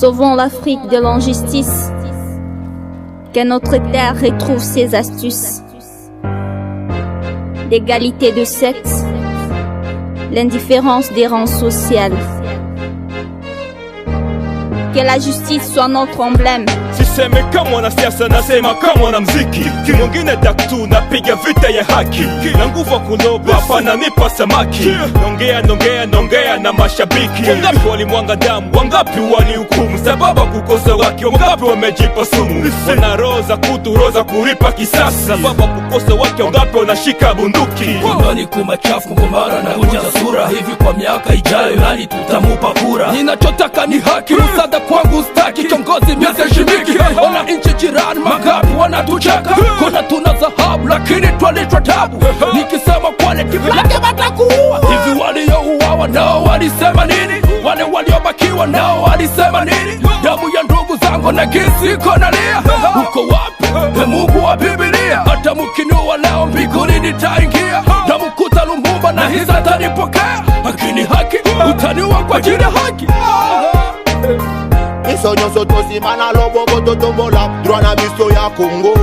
Sauvons l'Afrique de l'injustice. Que notre terre retrouve ses astuces. L'égalité de sexe. L'indifférence des rangs sociaux. Que la justice soit notre emblème. Siseme kama mwanasiasa, nasema kama mwanamuziki. Kimwingine daktu napiga vita ya haki na nguvu kuloba, hapana nipa samaki. Nongea nongea nongea na mashabiki, wangapi walimwanga damu, wangapi walihukumu sababu kukosa wake, wangapi wamejipa sumu, wana roho za kutu, roho za kulipa kisasi sababu kukosa wake, wangapi wanashika bunduki. Ndani kumachafu kumbara na kuja sura hivi, kwa miaka ijayo nani tutamupa kura? Ninachotaka ni haki, msaada kwangu staki, kiongozi miaka shimiki majirani, ona nchi jirani, magapi wanatucheka, kona tuna dhahabu lakini twalitwa tabu. Nikisema quality black hivi. Waliouawa nao walisema nini? Wale waliobakiwa nao walisema nini? Damu ya ndugu zangu na kisiko nalia lia, uko wapi emugu wa bibilia Hata mukinuwa leo mbinguni nitaingia, na Lumumba na hizi atanipokea, lakini haki utaniwa kwa jina haki. Maisha nyonso tosimana loboko totombola Droit na misio ya Kongo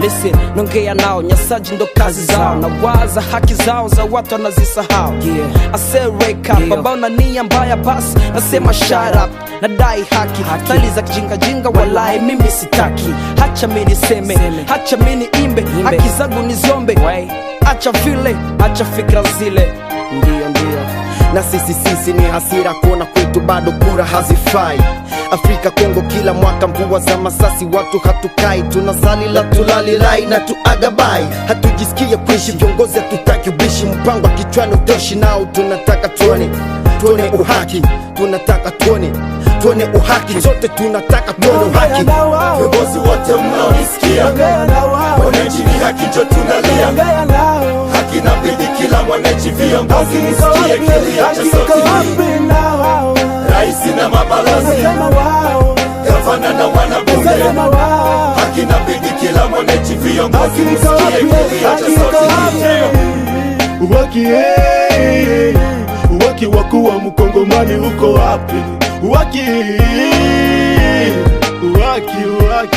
Listen, nongea nao nyasaji ndo kazi zao na waza haki zao za watu anazisahau yeah. ase wake up yeah. na mbaya basi nasema shut up nadai haki, haki. tali za kijingajinga walai mimi sitaki hacha mini seme, seme. hacha mini imbe. imbe haki zangu ni zombe hacha acha vile acha fikra zile na sisi sisi ni hasira kuona kwetu bado kura hazifai. Afrika Kongo, kila mwaka mvua za masasi, watu hatukai, tunasali la tulali lai na tuagabai, hatujisikia kuishi, viongozi hatutaki ubishi, mpango wa kichwani utoshi, nao tunataka tuone tuone uhaki, tunataka tuone tuone uhaki, zote tunataka tuone uhaki. Viongozi wote mnaonisikia, ni haki, jo tunalia haki kila mwananchi, viongozi msikie kilio cha sauti hii. Rais na mabalozi, gavana na wanabunge, haki kila mwananchi, viongozi msikie kilio cha sauti hii. Waki hey, waki wakuwa mkongomani uko wapi? Waki waki waki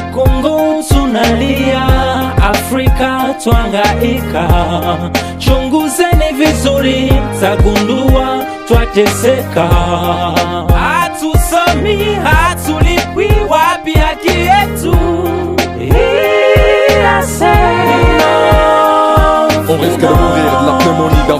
Kongo tunalia, Afrika twangaika. Chunguzeni vizuri, tagundua twateseka, hatusomi hatu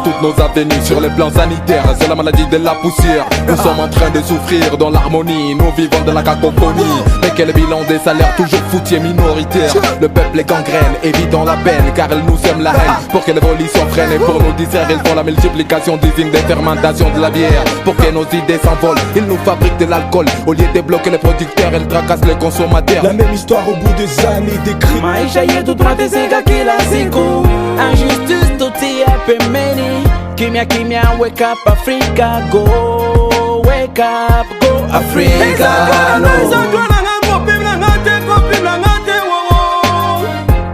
toutes nos avenues sur les plans sanitaires. C'est la maladie de la poussière. Nous sommes en train de souffrir dans l'harmonie. Nous vivons de la cacophonie. Mais quel bilan des salaires toujours foutiers minoritaires. Le peuple est gangrène, Évitons la peine car elle nous aime la haine. Pour que l'évolution freine et pour nous distraire, ils font la multiplication des vignes des fermentations de la bière. Pour que nos idées s'envolent, ils nous fabriquent de l'alcool. Au lieu de bloquer les producteurs, ils tracassent les consommateurs. La même histoire au bout des années tout droit des qui la kimya kimya, wake up Africa, go wake up, go Africa.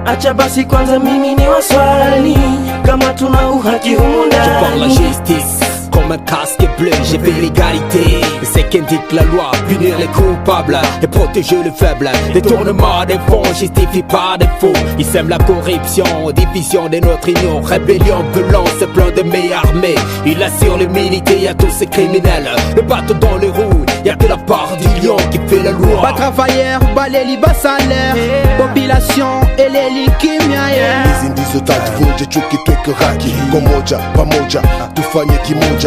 Acha basi kwanza mimi ni waswali kama tuna uhaki humu ndani comme un casque bleu, j'ai fait l'égalité. C'est qu'indique la loi, punir les coupables et protéger les faibles. Détournement des fonds pas des faux Ils sèment la corruption, division de notre union, rébellion, violence, plein de meilleures armées. Il assure l'humilité à tous ces criminels. Le bateau dans les roues, y'a que la part du lion qui fait la loi. Pas travailleurs, bas les bas salaire, population et les likimiaye. Hizi que tatu tout chuki pas haki, tout tout qui kimoja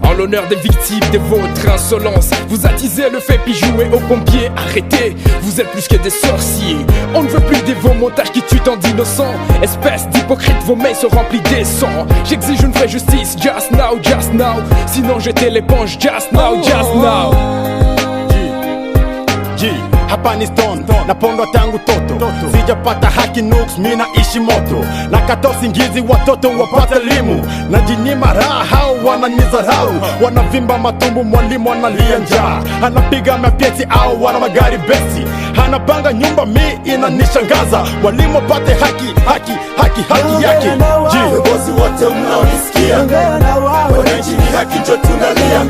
l'honneur des victimes de votre insolence, vous attisez le fait puis jouez aux pompiers. Arrêtez, vous êtes plus que des sorciers. On ne veut plus des vos montages qui tuent tant d'innocents. Espèce d'hypocrite, vos mails se remplissent des sangs. J'exige une vraie justice, just now, just now. Sinon, jetez l'éponge, just now, oh. just now. hapa ni stone, stone. Napondwa tangu toto, toto. Sijapata haki nuks, mi naishi moto na kata usingizi watoto wapate elimu jinyima raha, hao wananizarau wanavimba matumbu, mwalimu analia njaa, anapiga mapyesi au wana magari besi anapanga nyumba, mi inanishangaza, walimu wapate haki haki haki haki yake. Viongozi wote mnaonisikia, wananchi ni haki njo tunalia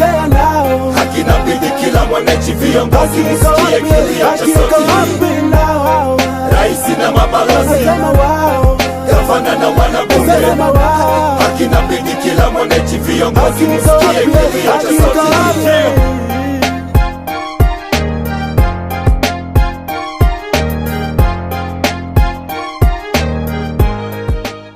kinabidi kila mwananchi viongozi msikie kilio cha sauti raisi na mabalozi, gavana na wanabunge, hakinabidi kila mwananchi viongozi msikie kilio cha sauti